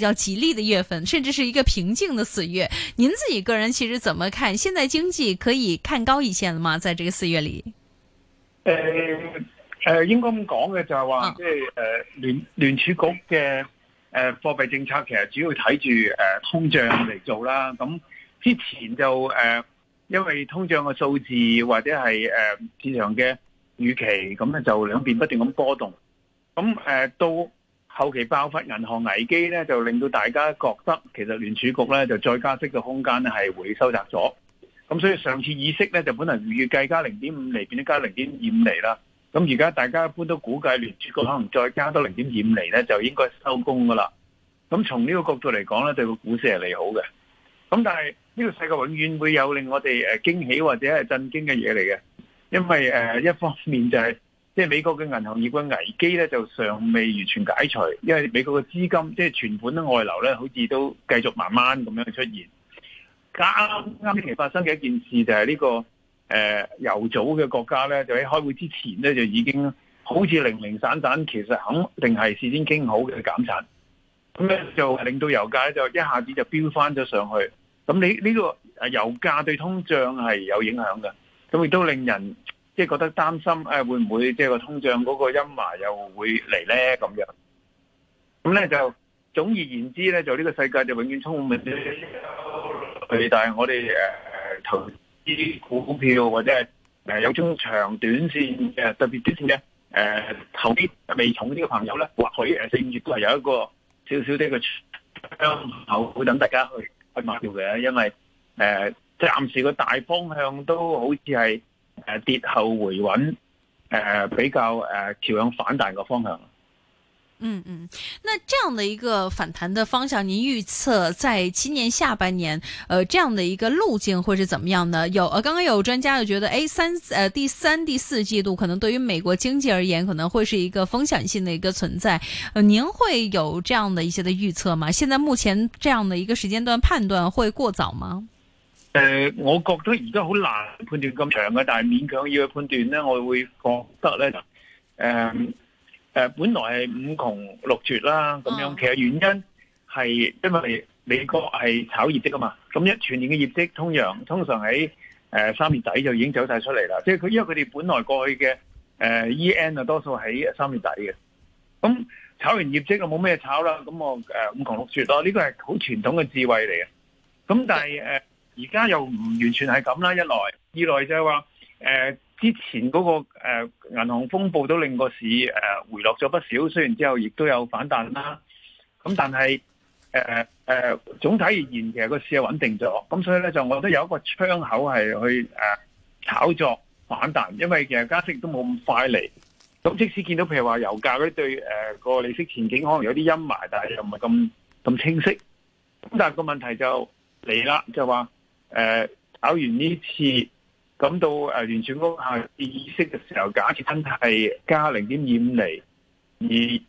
比較吉利的月份，甚至是一個平靜的四月。您自己個人其實怎麼看？現在經濟可以看高一線了嗎？在這個四月裏，誒誒、呃呃，應該咁講嘅就係話，即係誒聯聯儲局嘅誒貨幣政策，其實主要睇住誒通脹嚟做啦。咁之前就誒、呃，因為通脹嘅數字或者係誒、呃、市場嘅預期，咁咧就兩邊不斷咁波動。咁誒、呃、到後期爆發銀行危機咧，就令到大家覺得，其實聯儲局咧就再加息嘅空間咧係會收窄咗。咁所以上次議息咧就本來預計加零點五厘，變咗加零點二五厘啦。咁而家大家一般都估計聯儲局可能再加多零點二五厘咧，就應該收工噶啦。咁從呢個角度嚟講咧，對個股市係利好嘅。咁但係呢個世界永遠會有令我哋誒驚喜或者係震驚嘅嘢嚟嘅，因為誒一方面就係、是。即係美國嘅銀行業嘅危機咧，就尚未完全解除，因為美國嘅資金即係存款外流咧，好似都繼續慢慢咁樣出現。啱啱先期發生嘅一件事就係呢、這個誒、呃、油組嘅國家咧，就喺開會之前咧，就已經好似零零散散，其實肯定係事先傾好嘅減產，咁咧就令到油價咧就一下子就飆翻咗上去。咁你呢個誒油價對通脹係有影響嘅，咁亦都令人。即係覺得擔心，誒會唔會即係個通脹嗰個陰霾又會嚟咧？咁樣咁咧就總而言之咧，就呢個世界就永遠充滿未知。佢但係我哋誒、啊、投資股票或者係誒有中長短線、啊、特別短線嘅誒，投機未重啲嘅朋友咧，或許誒四五月都係有一個少少啲嘅窗口會等大家去去買票嘅，因為誒暫時個大方向都好似係。呃跌後回穩，呃比較呃朝向反彈個方向。嗯嗯，那這樣的一個反彈的方向，您預測在今年下半年，呃，這樣的一個路徑會是怎麼樣呢？有，呃，剛剛有專家就覺得，誒，三，呃，第三、第四季度可能對於美國經濟而言，可能會是一個風險性的一個存在。呃，您會有這樣的一些的預測嗎？現在目前這樣的一個時間段判斷會過早嗎？誒、呃，我覺得而家好難判斷咁長嘅，但係勉強要去判斷咧，我會覺得咧誒誒，本來係五窮六絕啦，咁樣、哦、其實原因係因為美國係炒業績啊嘛，咁一全年嘅業績，通常通常喺誒三月底就已經走晒出嚟啦，即係佢因為佢哋本來過去嘅誒 E N 啊，呃 EN、多數喺三月底嘅，咁炒完業績就冇咩炒啦，咁我誒、呃、五窮六絕咯，呢、這個係好傳統嘅智慧嚟嘅，咁但係誒。嗯而家又唔完全係咁啦，一來二來就係話誒之前嗰、那個誒、呃、銀行風暴都令個市誒、呃、回落咗不少，雖然之後亦都有反彈啦。咁但係誒誒總體而言，其實個市係穩定咗。咁所以咧就我覺得有一個窗口係去誒、呃、炒作反彈，因為其實加息都冇咁快嚟。咁即使見到譬如話油價啲對誒個、呃、利息前景可能有啲陰霾，但係又唔係咁咁清晰。咁但係個問題就嚟啦，就係話。誒、嗯，考完呢次，咁到誒完全屋下意識嘅時候，假設真係加零點二五厘，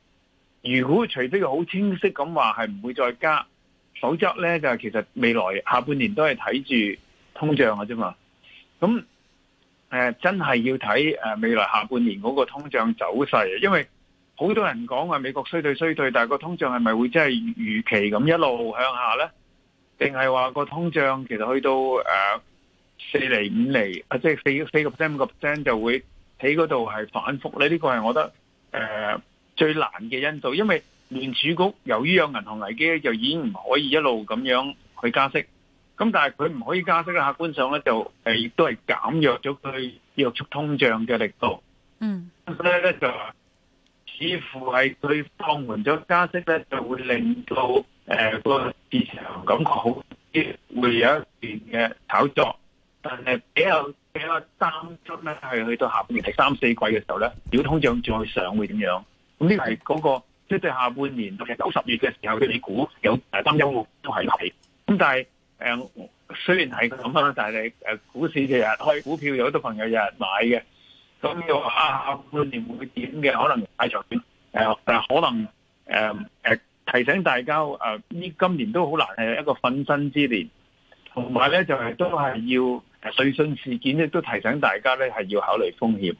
而如果除非佢好清晰咁話係唔會再加，否則呢，就係、其實未來下半年都係睇住通脹啊啫嘛。咁誒、嗯，真係要睇誒未來下半年嗰個通脹走勢，因為好多人講話美國衰退衰退，但係個通脹係咪會真係如期咁一路向下呢？定係話個通脹其實去到誒四厘、五、就、厘、是，啊，即係四四個 percent 五個 percent 就會喺嗰度係反覆咧。呢、這個係我覺得誒、呃、最難嘅因素，因為聯儲局由於有銀行危機咧，就已經唔可以一路咁樣去加息。咁但係佢唔可以加息咧，客觀上咧就係亦都係減弱咗佢約束通脹嘅力度。嗯，所以咧就似乎係佢放緩咗加息咧，就會令到誒個。呃市場感覺好啲，會有一段嘅炒作，但係比較比較擔心咧，係去到下半年第三四季嘅時候咧，如果通脹再上會點樣？咁呢個係嗰、那個，即、就、係、是、下半年到九十月嘅時候，你估有誒擔憂都係有。咁、啊、但係誒、嗯，雖然係咁啦，但係誒，股市嘅人開股票，有好多朋友日日買嘅，咁就下半年會點嘅？可能太長段但誒，可能誒誒。啊啊提醒大家，誒、呃，呢今年都好難係一個翻身之年，同埋呢就係、是、都係要瑞信事件，亦都提醒大家呢係要考慮風險，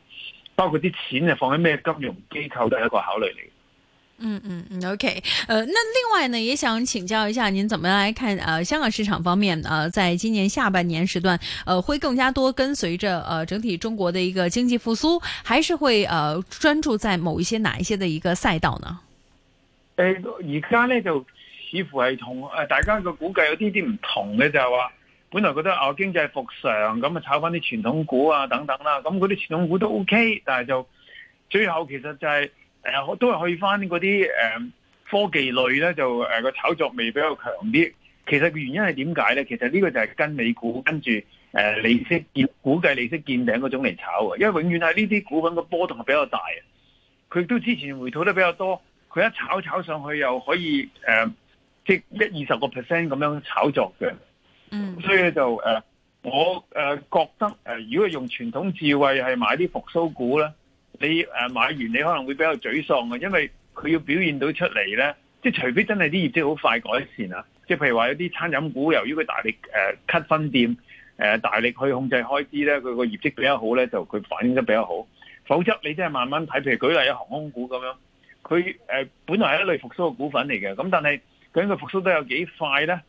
包括啲錢啊放喺咩金融機構都係一個考慮嚟、嗯。嗯嗯，OK，呃那另外呢，也想請教一下您，怎麼來看？誒、呃，香港市場方面，誒、呃，在今年下半年時段，呃會更加多跟隨着，呃整體中國的一個經濟復甦，還是會呃專注在某一些哪一些的一個賽道呢？而家咧就似乎係同誒大家嘅估計有啲啲唔同嘅，就係話本來覺得啊經濟復常咁啊炒翻啲傳統股啊等等啦，咁嗰啲傳統股都 OK，但係就最後其實就係、是、誒、啊、都係去翻嗰啲誒科技類咧，就誒個、啊、炒作味比較強啲。其實嘅原因係點解咧？其實呢個就係跟美股，跟住誒利息見估計利息見頂嗰種嚟炒嘅，因為永遠係呢啲股份個波動係比較大啊。佢都之前回吐得比較多。佢一炒炒上去又可以誒、呃，即一二十個 percent 咁樣炒作嘅。嗯，所以咧就誒、呃，我誒、呃、覺得誒、呃，如果用傳統智慧係買啲復甦股咧，你、呃、誒買完你可能會比較沮喪嘅，因為佢要表現到出嚟咧，即除非真係啲業績好快改善啊，即譬如話有啲餐飲股，由於佢大力誒 cut、呃、分店，誒、呃、大力去控制開支咧，佢個業績比較好咧，就佢反映得比較好。否則你真係慢慢睇，譬如舉例有航空股咁樣。佢誒本來係一類復甦嘅股份嚟嘅，咁但係究竟佢復甦得有幾快咧？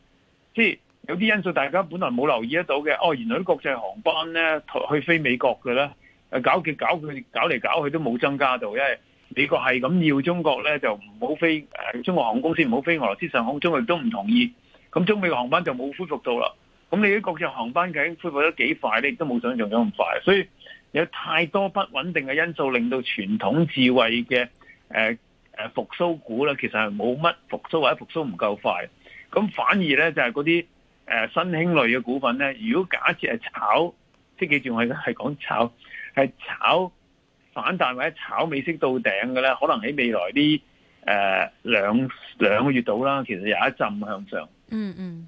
即係有啲因素大家本來冇留意得到嘅，哦，原來國際航班咧去飛美國嘅咧，誒搞極搞佢搞嚟搞去都冇增加到，因為美國係咁要中國咧就唔好飛誒中國航空公司唔好飛俄羅斯上空，中國亦都唔同意，咁中美航班就冇恢復到啦。咁你啲國際航班究竟恢復得幾快咧？亦都冇想象到咁快，所以有太多不穩定嘅因素令到傳統智慧嘅誒。呃誒復甦股咧，其實係冇乜復甦或者復甦唔夠快，咁反而咧就係嗰啲誒新興類嘅股份咧，如果假設係炒，即記住我而家係講炒，係炒反彈或者炒美息到頂嘅咧，可能喺未來啲誒兩兩個月度啦，其實有一浸向上。嗯嗯。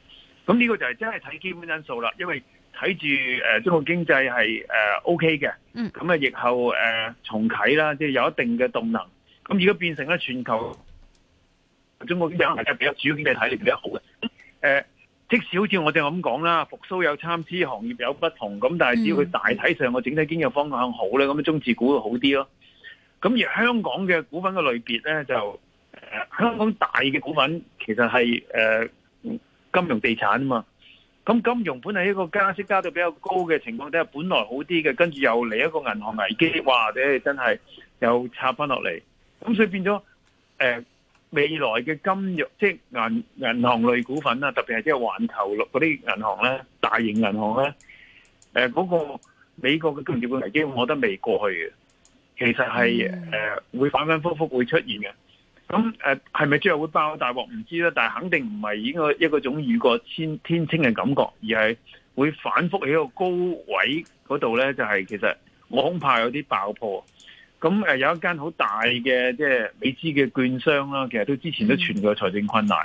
咁呢個就係真係睇基本因素啦，因為睇住誒中國經濟係誒 O K 嘅，咁啊疫後誒重啟啦，即係有一定嘅動能。咁而家變成咧全球中國經濟係比較主要經濟體力比較好嘅。誒、呃，即使好似我哋咁講啦，復蘇有參差，行業有不同，咁但係只要佢大體上個整體經濟方向好咧，咁中資股就好啲咯。咁而香港嘅股份嘅類別咧，就誒、呃、香港大嘅股份其實係誒。呃金融地產啊嘛，咁金融本係一個加息加到比較高嘅情況底下，本來好啲嘅，跟住又嚟一個銀行危機，哇！咧真係又插翻落嚟，咁所以變咗誒、呃、未來嘅金融，即係銀銀行類股份啊，特別係即係環球咯嗰啲銀行咧，大型銀行咧，誒、呃、嗰、嗰個美國嘅金融危機，我覺得未過去嘅，其實係誒會反反復復會出現嘅。咁誒係咪最後會爆大鑊唔知咧，但係肯定唔係依個一個種雨過天青嘅感覺，而係會反覆喺個高位嗰度咧，就係、是、其實我恐怕有啲爆破。咁有一間好大嘅即係美資嘅券商啦，其實都之前都傳過財政困難。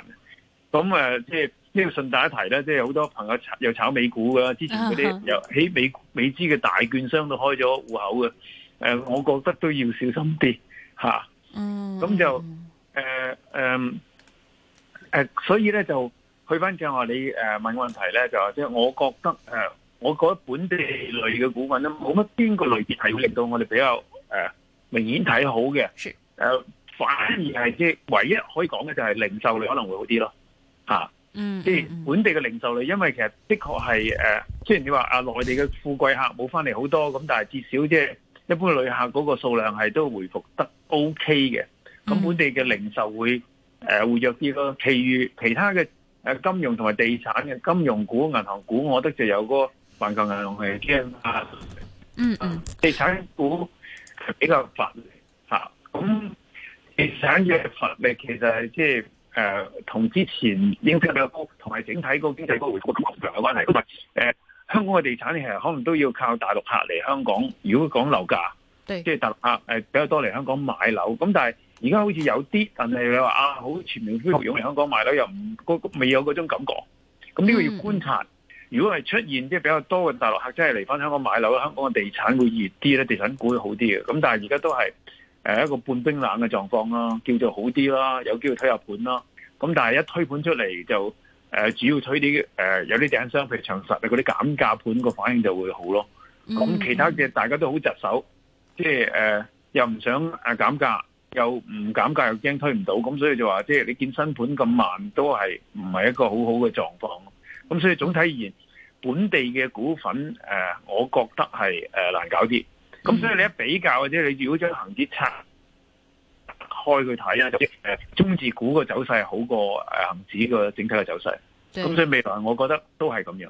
咁誒即係呢個順帶一提咧，即係好多朋友又炒美股啦，之前嗰啲又喺美美資嘅大券商都開咗戶口嘅。誒，我覺得都要小心啲吓。嗯，咁、啊、就。誒誒誒，所以咧就去翻正話你誒、呃、問問題咧，就即係我覺得誒、呃，我覺得本地類嘅股份咧，冇乜邊個類別係會令到我哋比較誒、呃、明顯睇好嘅。誒、呃，反而係即係唯一可以講嘅就係零售類可能會好啲咯。吓、啊，嗯，即係本地嘅零售類，因為其實的確係誒，雖然你話啊內地嘅富貴客冇翻嚟好多咁，但係至少即係一般旅客嗰個數量係都回復得 OK 嘅。咁本地嘅零售會誒活躍啲咯，其餘其他嘅金融同埋地產嘅金融股、銀行股，我覺得就有個環球銀行同佢聽啦。嗯嗯，地產股比較乏力。咁、啊、地產嘅乏力其實係即係誒同之前應徵比較高，同埋整體個經濟高回復咁長有關係。咁、呃、香港嘅地產其實可能都要靠大陸客嚟香港。如果講樓價，即係對大陸客誒比較多嚟香港買樓，咁但係。而家好似有啲，但係你話啊，好全面推頭湧嚟香港買樓又唔未有嗰種感覺。咁呢個要觀察。嗯、如果係出現即係比較多嘅大陸客真係嚟返香港買樓，香港嘅地產會熱啲咧，地產股會好啲嘅。咁但係而家都係誒一個半冰冷嘅狀況啦，叫做好啲啦，有機會推入盤啦。咁但係一推盤出嚟就誒、呃、主要推啲誒、呃、有啲地產商譬如長實嗰啲減價盤個反應就會好咯。咁其他嘅大家都好窒手，即係誒、呃、又唔想減價。又唔減價，又驚推唔到，咁所以就話，即係你見新盤咁慢，都係唔係一個好好嘅狀況。咁所以總體而言，本地嘅股份誒、呃，我覺得係誒、呃、難搞啲。咁所以你一比較，或者你如果將恒指拆開去睇咧，就誒中字股嘅走勢好過誒恒指個整體嘅走勢。咁的所以未來我覺得都係咁樣。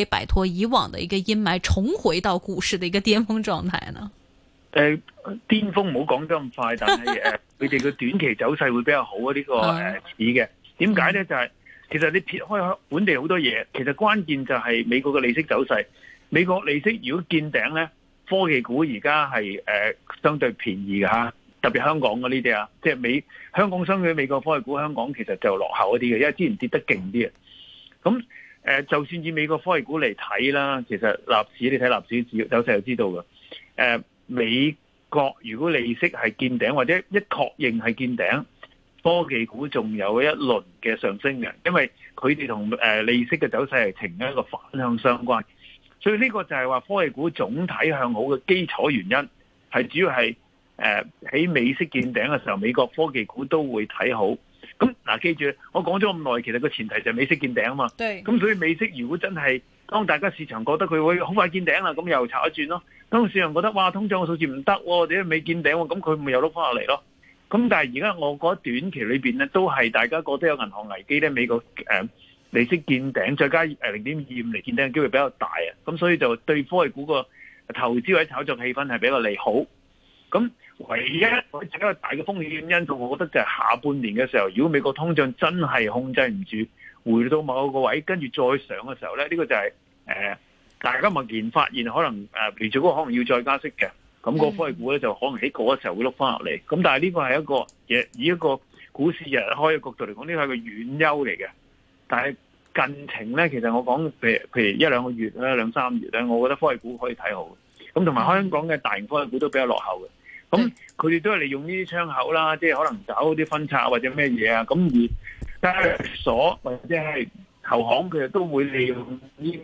可以擺脫以往的一個陰霾，重回到股市的一個巔峰狀態呢？誒、呃，巔峰唔好講得咁快，但係誒，你哋嘅短期走勢會比較好啊！呢個誒似嘅，點解咧？就係、是、其實你撇開本地好多嘢，其實關鍵就係美國嘅利息走勢。美國利息如果見頂咧，科技股而家係誒相對便宜嘅吓，特別香港嘅呢啲啊，即係美香港相對美國科技股，香港其實就落後一啲嘅，因為之前跌得勁啲啊，咁、嗯。誒，就算以美國科技股嚟睇啦，其實納指你睇納指走勢就知道嘅。誒、呃，美國如果利息係見頂或者一確認係見頂，科技股仲有一輪嘅上升嘅，因為佢哋同誒利息嘅走勢係呈一個反向相關，所以呢個就係話科技股總體向好嘅基礎原因，係主要係誒喺美息見頂嘅時候，美國科技股都會睇好。咁嗱，記住我講咗咁耐，其實個前提就係美息見頂啊嘛。咁對所以美息如果真係當大家市場覺得佢會好快見頂啦，咁又炒一轉咯。當市場覺得哇通脹嘅數字唔得，我哋咧未見頂，咁佢咪又碌翻落嚟咯。咁但係而家我覺得短期裏邊呢都係大家覺得有銀行危機咧，美國誒、呃、利息見頂，再加誒零點二五嚟見頂嘅機會比較大啊。咁所以就對科技股個投資或者炒作氣氛係比較利好。咁唯一佢一個大嘅風險原因，我覺得就係下半年嘅時候，如果美國通脹真係控制唔住，回到某個位，跟住再上嘅時候咧，呢這個就係、是呃、大家驀然發現可能誒聯儲局可能要再加息嘅，咁個科技股咧就可能喺嗰個時候會碌翻落嚟。咁但係呢個係一個嘢，以一個股市日開嘅角度嚟講，呢個係一個遠憂嚟嘅。但係近程咧，其實我講譬如譬如一兩個月啦、兩三月咧，我覺得科技股可以睇好。咁同埋香港嘅大型科技股都比較落後嘅。咁佢哋都係利用呢啲窗口啦，即係可能搞啲分拆或者咩嘢啊。咁而交易所或者係投行，佢哋都會利用呢個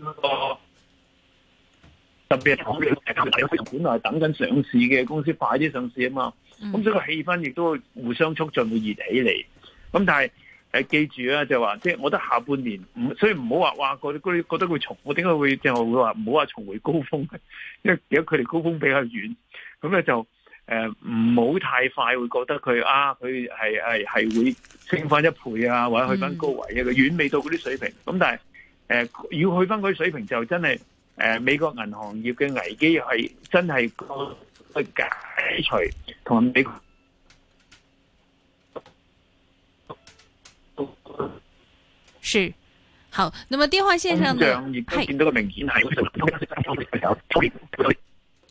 特別，特別係講嘅，大家可能本來係等緊上市嘅公司快啲上市啊嘛。咁所以個氣氛亦都互相促進，會熱起嚟。咁但係誒，記住啊，就話即係，我覺得下半年唔，所以唔好話哇，嗰啲覺得會重，我點解會就話唔好話重回高峰？因為而家佢哋離高峰比較遠，咁咧就。誒，唔好、呃、太快，會覺得佢啊，佢係係係會升翻一倍啊，或者去翻高位啊，佢遠未到嗰啲水平。咁、嗯、但係，誒、呃，要去翻嗰啲水平就真係，誒、呃，美國銀行業嘅危機係真係去解除同埋美國。是，好。那麼電話線上呢？係是。明顯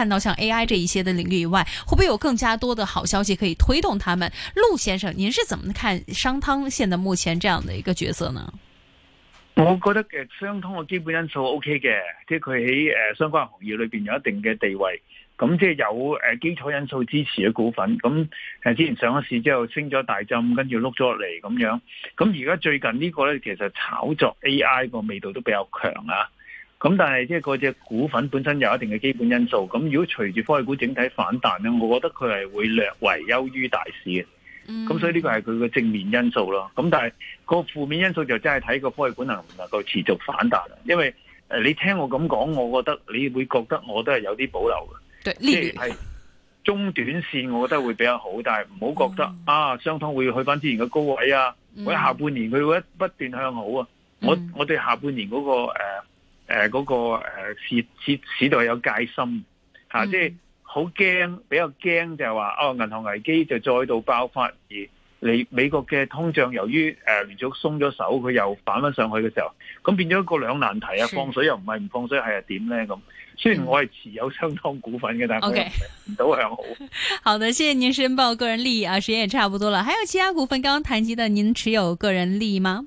看到像 AI 這一些的領域以外，會不會有更加多的好消息可以推動他們？陸先生，您是怎麼看商湯現在目前這樣的一個角色呢？我覺得商湯嘅基本因素 OK 嘅，即係佢喺誒相關行業裏邊有一定嘅地位，咁即係有誒基礎因素支持嘅股份，咁誒之前上咗市之後升咗大針，跟住碌咗落嚟咁樣，咁而家最近這個呢個咧其實炒作 AI 個味道都比較強啊。咁但係即係嗰隻股份本身有一定嘅基本因素，咁如果隨住科技股整體反彈咧，我覺得佢係會略為優於大市嘅。咁、嗯、所以呢個係佢嘅正面因素咯。咁但係個負面因素就真係睇個科技股能唔能夠持續反彈。因為誒，你聽我咁講，我覺得你會覺得我都係有啲保留嘅。對即係中短線，我覺得會比較好，但係唔好覺得、嗯、啊，商湯會去翻之前嘅高位啊。我、嗯、或者下半年佢會不斷向好啊。嗯、我我對下半年嗰、那個誒。呃誒，嗰、呃那個誒市市市道有戒心，吓、啊嗯、即係好驚，比較驚就係話哦，銀行危機就再度爆發，而美美國嘅通脹由於誒、呃、連續鬆咗手，佢又反翻上去嘅時候，咁變咗一個兩難題啊！是放水又唔係唔放水又呢，係點咧？咁雖然我係持有相當股份嘅，嗯、但係唔到向好。 好的，謝謝您申報個人利益啊，時間也差不多啦。還有其他股份剛剛談及的，您持有個人利益嗎？